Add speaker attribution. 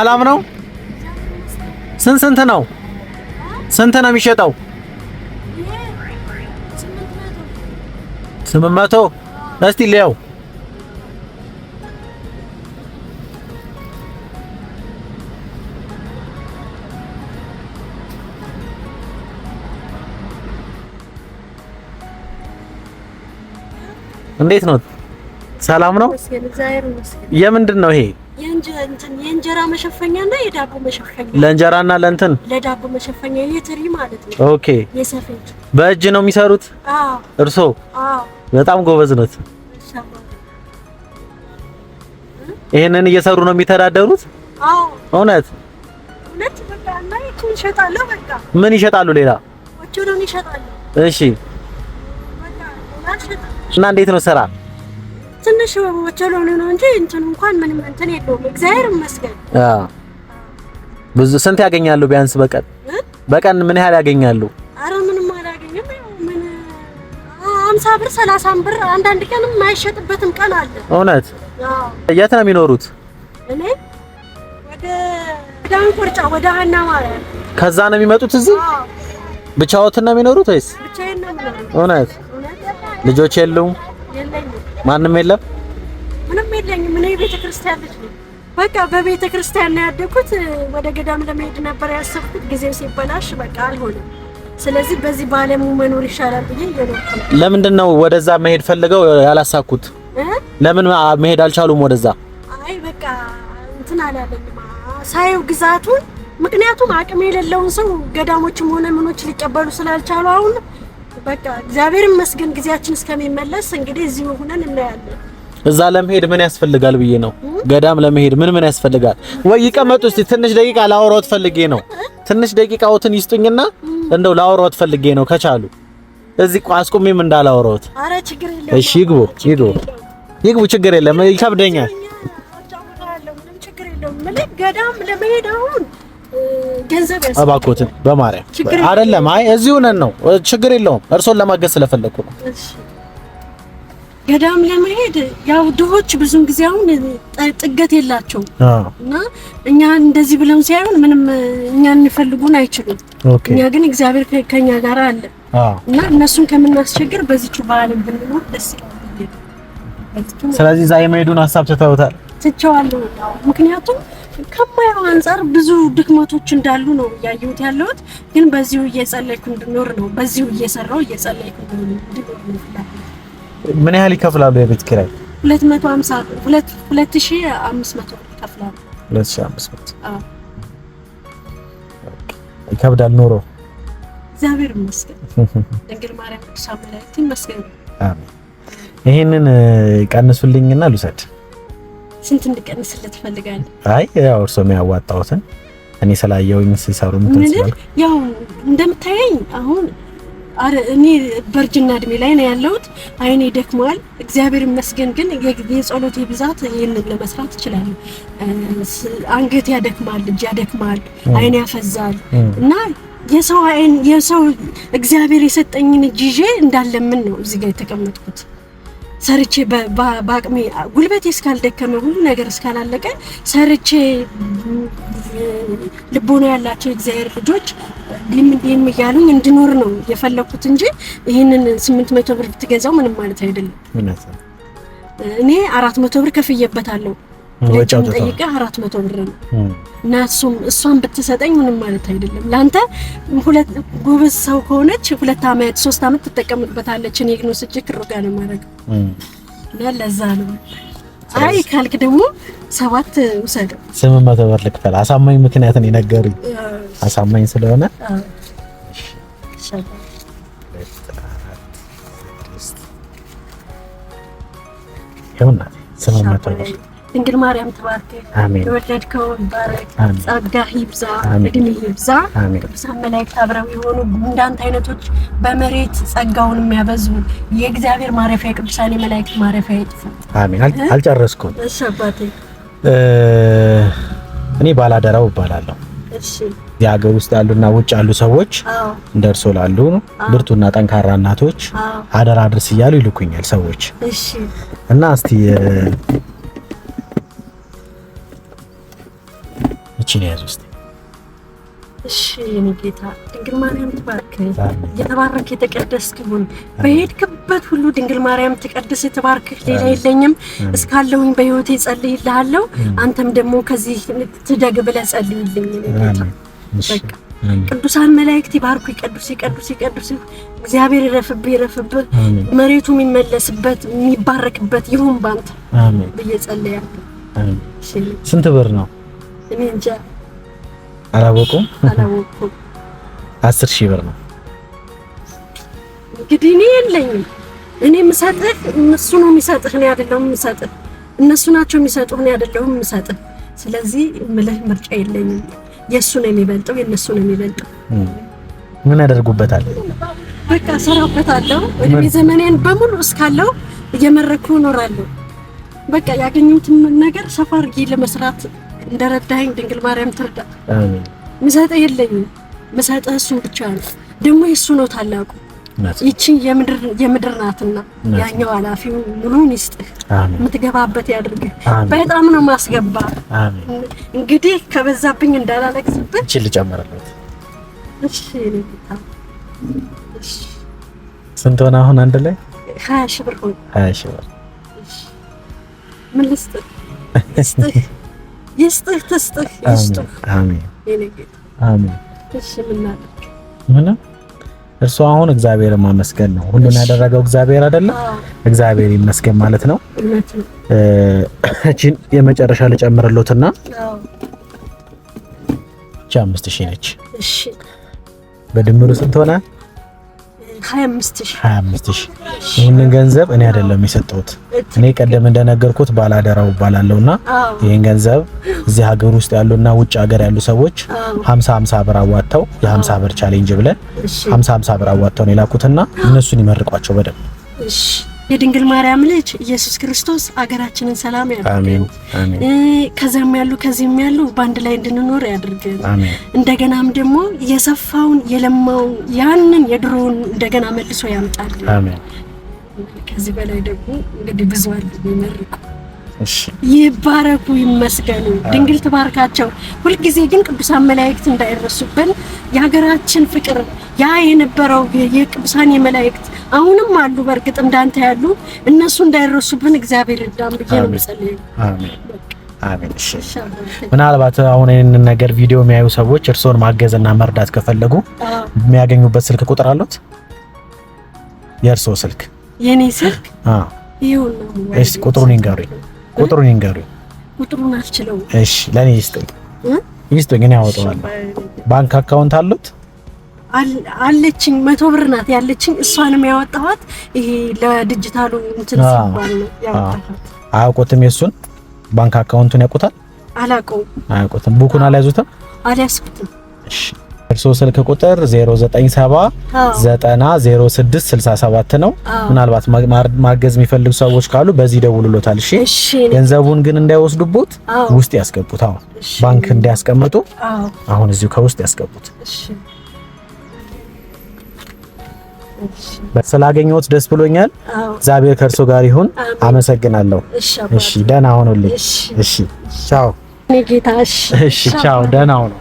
Speaker 1: ሰላም ነው። ስንት ስንት ነው? ስንት ነው የሚሸጠው? ስምንት መቶ እስቲ ሊያው እንዴት ነው? ሰላም ነው። የምንድን ነው ይሄ?
Speaker 2: የእንጀራ መሸፈኛ እና የዳቦ መሸፈኛ
Speaker 1: ለእንጀራና ለእንትን
Speaker 2: ለዳቦ መሸፈኛ የትሪ ማለት
Speaker 1: ነው። ኦኬ የሰፌድ በእጅ ነው የሚሰሩት? አዎ። እርሶ? አዎ። በጣም ጎበዝ ነት። ይሄንን እየሰሩ ነው የሚተዳደሩት? አዎ። እውነት
Speaker 2: እውነት። በቃ እና ይሄን ይሸጣሉ። በቃ
Speaker 1: ምን ይሸጣሉ? ሌላ
Speaker 2: ወጭ ነው ይሸጣሉ።
Speaker 1: እሺ። እና እንዴት ነው ስራ
Speaker 2: ትንሽ ህመሞች ስለሆኑ ነው እንጂ እንትን እንኳን ምንም እንትን የለውም። እግዚአብሔር ይመስገን።
Speaker 1: አዎ ብዙ ስንት ያገኛሉ? ቢያንስ በቀን በቀን ምን ያህል ያገኛሉ?
Speaker 2: አረ ምንም አላገኝም። ምን 50 ብር 30 ብር፣ አንዳንድ ቀንም የማይሸጥበትም ቀን አለ። እውነት? አዎ።
Speaker 1: የት ነው የሚኖሩት?
Speaker 2: እኔ ወደ ዳንቆርጫ ወደ ሀና ማርያም
Speaker 1: ከዛ ነው የሚመጡት። እዚህ ብቻዎትን ነው የሚኖሩት ወይስ?
Speaker 2: ብቻዬን ነው የሚኖሩት።
Speaker 1: እውነት? ልጆች የሉም? ማንም የለም።
Speaker 2: ምንም የለኝም። እኔ ቤተ ክርስቲያን ልጅ ነው። በቃ በቤተ ክርስቲያን ነው ያደኩት። ወደ ገዳም ለመሄድ ነበር ያሰብኩት፣ ጊዜው ሲበላሽ በቃ አልሆነም። ስለዚህ በዚህ በዓለሙ መኖር ይሻላል ብዬ
Speaker 1: እየኖርኩ ነው። ለምንድን ነው ወደዛ መሄድ ፈልገው ያላሳኩት? ለምን መሄድ አልቻሉም ወደዛ?
Speaker 2: አይ በቃ እንትን አላለኝም ሳየው ግዛቱን። ምክንያቱም አቅም የሌለውን ሰው ገዳሞችም ሆነ ምኖች ሊቀበሉ ስላልቻሉ አሁን በቃ እግዚአብሔር ይመስገን ጊዜያችን እስከሚመለስ እንግዲህ እዚሁ ሆነን እናያለን።
Speaker 1: እዛ ለመሄድ ምን ያስፈልጋል ብዬ ነው። ገዳም ለመሄድ ምን ምን ያስፈልጋል? ወይ ይቀመጡ እስቲ ትንሽ ደቂቃ ላወራዎት ፈልጌ ነው። ትንሽ ደቂቃዎትን ይስጡኝና እንደው ላወራዎት ፈልጌ ነው ከቻሉ እዚህ አስቁሜም እንዳላወራዎት።
Speaker 2: አረ ችግር የለም።
Speaker 1: እሺ ይግቡ፣ ይግቡ፣ ይግቡ። ችግር የለም። ይከብደኛል።
Speaker 2: ገዳም ለመሄድ አሁን
Speaker 1: ገንዘብ እባክዎትን በማርያም አይደለም። አይ እዚሁ ነን ነው ችግር የለውም። እርሶን ለማገዝ ስለፈለኩ ነው።
Speaker 2: ገዳም ለመሄድ ያው ድሆች ብዙን ጊዜ አሁን ጥገት የላቸው እና እኛ እንደዚህ ብለን ሳይሆን ምንም እኛ እንፈልጉን አይችሉም። እኛ ግን እግዚአብሔር ከኛ ጋር አለ እና እነሱን ከምናስቸግር በዚች በዓል ብንኖር ደስ ይላል።
Speaker 1: ስለዚህ እዛ የመሄዱን ሀሳብ ትተውታል?
Speaker 2: ትቸዋለሁ። ምክንያቱም ከማየው አንጻር ብዙ ድክመቶች እንዳሉ ነው እያየሁት ያለሁት። ግን በዚሁ እየጸለይኩ እንድኖር ነው፣ በዚሁ እየሰራው እየጸለይኩ እንድኖር
Speaker 1: ምን ያህል ይከፍላሉ የቤት ኪራይ?
Speaker 2: ሁለት ሁለት መቶ ሺ 250 2500 ይከፍላሉ።
Speaker 1: አምስት መቶ ይከብዳል ኖሮ።
Speaker 2: እግዚአብሔር ይመስገን። ድንግል ማርያም ቅዱስ አምላክ ይመስገን።
Speaker 1: ይህንን ቀንሱልኝና ልውሰድ
Speaker 2: ስንት እንድቀንስለት ፈልጋለሁ?
Speaker 1: አይ ያው እርሶ የሚያዋጣውትን እኔ ስላየውኝ ሲሰሩ
Speaker 2: ምትስላል ያው እንደምታየኝ አሁን አረ እኔ በእርጅና እድሜ ላይ ነው ያለሁት። አይኔ ደክሟል፣ እግዚአብሔር ይመስገን። ግን የጸሎቴ ብዛት ይህንን ለመስራት እችላለሁ። አንገት ያደክማል፣ እጅ ያደክማል፣ አይን ያፈዛል እና የሰው አይን የሰው እግዚአብሔር የሰጠኝን እጅ ይዤ እንዳለምን ነው እዚህ ጋር የተቀመጥኩት። ሰርቼ በአቅሜ ጉልበቴ እስካልደከመ ሁሉ ነገር እስካላለቀ ሰርቼ ልቦና ያላቸው እግዚአብሔር ልጆች ሊም እያሉኝ እንድኖር ነው የፈለኩት እንጂ ይህንን ስምንት መቶ ብር ብትገዛው ምንም ማለት አይደለም። እኔ አራት መቶ ብር ከፍዬበታለሁ። ጠይቀ አራት መቶ ብር ነው እና እሱም እሷን ብትሰጠኝ ምንም ማለት አይደለም። ለአንተ ሁለት ጎበዝ ሰው ከሆነች ሁለት አመት ሶስት አመት ትጠቀምበታለች። እኔ ግን ወስጄ ክሮጋ ነው ማድረግ ለዛ ነው። አይ ካልክ ደግሞ ሰባት ውሰደው።
Speaker 1: ስምንት መቶ ብር ልክፈል። አሳማኝ ምክንያት ነው የነገሩኝ። አሳማኝ ስለሆነ ይኸውና ስምንት መቶ ብር
Speaker 2: ድንግል ማርያም ተባርከክ፣ የወለድከው ይባረክ፣ ጸጋህ ይብዛ፣ እድሜ ይብዛ። ቅዱሳን መላእክት አብረው የሆኑ እንዳንተ አይነቶች በመሬት ጸጋውን የሚያበዙ የእግዚአብሔር ማረፊያ ቅዱሳን የመላእክት ማረፊያ ይጥፉ።
Speaker 1: አሜን። አልጨረስኩም። እሺ አባቴ። እኔ ባላደራው እባላለሁ። እሺ። የሀገር ውስጥ ያሉና ውጭ ያሉ ሰዎች እንደርሶ ላሉ ብርቱና ጠንካራ እናቶች አደራ ድርስ እያሉ ይልኩኛል ሰዎች እና እስቲ እቺን ያዝ ውስጥ
Speaker 2: እሺ የኔ ጌታ ድንግል ማርያም ትባርክ፣ የተባረክ የተቀደስ ሁን። በሄድክበት ሁሉ ድንግል ማርያም ትቀድስ የተባርክ። ሌላ የለኝም። እስካለሁኝ በህይወቴ ጸልይልሃለሁ። አንተም ደግሞ ከዚህ ትደግ ብለህ ጸልይልኝ ጌታ። ቅዱሳን መላእክት ይባርኩ። ይቀድሱ ይቀድሱ ይቀድሱ። እግዚአብሔር ይረፍብህ ይረፍብህ። መሬቱ የሚመለስበት የሚባረክበት ይሁን ባንተ ብዬ ጸልያለሁ። ስንት ብር ነው? እኔ እንጃ
Speaker 1: አላወቁም አስር ሺህ ብር ነው
Speaker 2: እንግዲህ እኔ የለኝም። እኔ የምሰጥህ እነሱ ነው የሚሰጥህ፣ እኔ አይደለሁም የምሰጥህ። እነሱ ናቸው የሚሰጡህ፣ እኔ አይደለሁም የምሰጥህ። ስለዚህ ምልህ ምርጫ የለኝም። የእሱ ነው የሚበልጠው፣ የእነሱ ነው የሚበልጠው።
Speaker 1: ምን ያደርጉበታል?
Speaker 2: በቃ ሰራበታለሁ። እድሜ ዘመኔን በሙሉ እስካለው እየመረኩ እኖራለሁ። በቃ ያገኙትን ነገር ሰፋ አድርጌ ለመስራት እንደረዳኸኝ ድንግል ማርያም ትርዳ። አሜን። ምሰጥህ የለኝም ምሰጥህ እሱን ብቻ ነው። ደግሞ የእሱ ነው ታላቁ ይቺ የምድር ናትና ያኛው ኃላፊው ሙሉን ይስጥህ፣ የምትገባበት ያድርግህ። በጣም ነው ማስገባ። እንግዲህ ከበዛብኝ እንዳላለቅስብን
Speaker 1: እቺ ልጨምርለት። እሺ እሺ። ስንት ሆነ አሁን? አንድ ላይ
Speaker 2: ሀያ ሺህ ብር ሆነ። ሀያ ሺህ ብር ምን ልስጥህ? ይስጥህ ትስጥህ ይስጥህ።
Speaker 1: እርሱ አሁን እግዚአብሔር ማመስገን ነው። ሁሉን ያደረገው እግዚአብሔር አይደለም፣ እግዚአብሔር ይመስገን ማለት ነው። እቺን የመጨረሻ ልጨምርሎትና እቺ አምስት ሺህ ነች። በድምሩ ስንት ሆናል? ይህንን ገንዘብ እኔ አይደለም የሰጠሁት። እኔ ቀደም እንደነገርኩት ባላደራው ባላለውና ይህን ገንዘብ እዚህ ሀገር ውስጥ ያሉና ውጭ ሀገር ያሉ ሰዎች 50 50 ብር አዋጥተው የ50 ብር ቻሌንጅ ብለን 50 50 ብር አዋጥተው ነው የላኩትና እነሱን ይመርቋቸው በደንብ
Speaker 2: የድንግል ማርያም ልጅ ኢየሱስ ክርስቶስ አገራችንን ሰላም ያድርገን። ከዚያም ያሉ ከዚህም ያሉ በአንድ ላይ እንድንኖር ያድርገን። እንደገናም ደግሞ የሰፋውን የለማውን ያንን የድሮውን እንደገና መልሶ ያምጣል። ከዚህ በላይ ደግሞ እንግዲህ ብዙ አሉ የሚመርቁ ይባረኩ ይመስገኑ፣ ድንግል ትባርካቸው። ሁልጊዜ ግን ቅዱሳን መላእክት እንዳይረሱብን የሀገራችን ፍቅር ያ የነበረው የቅዱሳን የመላእክት አሁንም አሉ፣ በእርግጥ እንዳንተ ያሉ እነሱ እንዳይረሱብን እግዚአብሔር ይርዳን
Speaker 1: ብዬ ነው የምጸልየው። ምናልባት አሁን ይህንን ነገር ቪዲዮ የሚያዩ ሰዎች እርስዎን ማገዝና መርዳት ከፈለጉ የሚያገኙበት ስልክ ቁጥር አሉት? የእርስዎ ስልክ የእኔ ስልክ? ቁጥሩን ይንገሩኝ። ቁጥሩን ይንገሩ።
Speaker 2: ቁጥሩን አልችለውም።
Speaker 1: እሺ ለኔ ይስጠኝ ይስጠኝ፣ እኔ አወጣዋለሁ። ባንክ አካውንት አሉት?
Speaker 2: አለችኝ። መቶ ብር ናት ያለችኝ። እሷንም ያወጣኋት ይሄ ለዲጂታሉ እንትን ሲባል ነው
Speaker 1: ያወጣኋት። አያውቁትም? የእሱን ባንክ አካውንቱን ያውቁታል? አላውቀውም። አያውቁትም። ቡኩን አልያዙትም?
Speaker 2: አልያዝኩትም። እሺ
Speaker 1: እርሶ ስልክ ቁጥር 09790667 ነው። ምናልባት ማገዝ የሚፈልጉ ሰዎች ካሉ በዚህ ደውሉሎታል። እሺ፣ ገንዘቡን ግን እንዳይወስዱቦት ውስጥ ያስገቡት። አሁን ባንክ እንዳያስቀምጡ፣ አሁን እዚሁ ከውስጥ ያስገቡት። ስላገኘሁት ደስ ብሎኛል። እግዚአብሔር ከእርሶ ጋር ይሁን። አመሰግናለሁ። እሺ፣ ደህና ሆኖልኝ። እሺ፣ ቻው። እሺ፣ ቻው። ደህና ሆኖ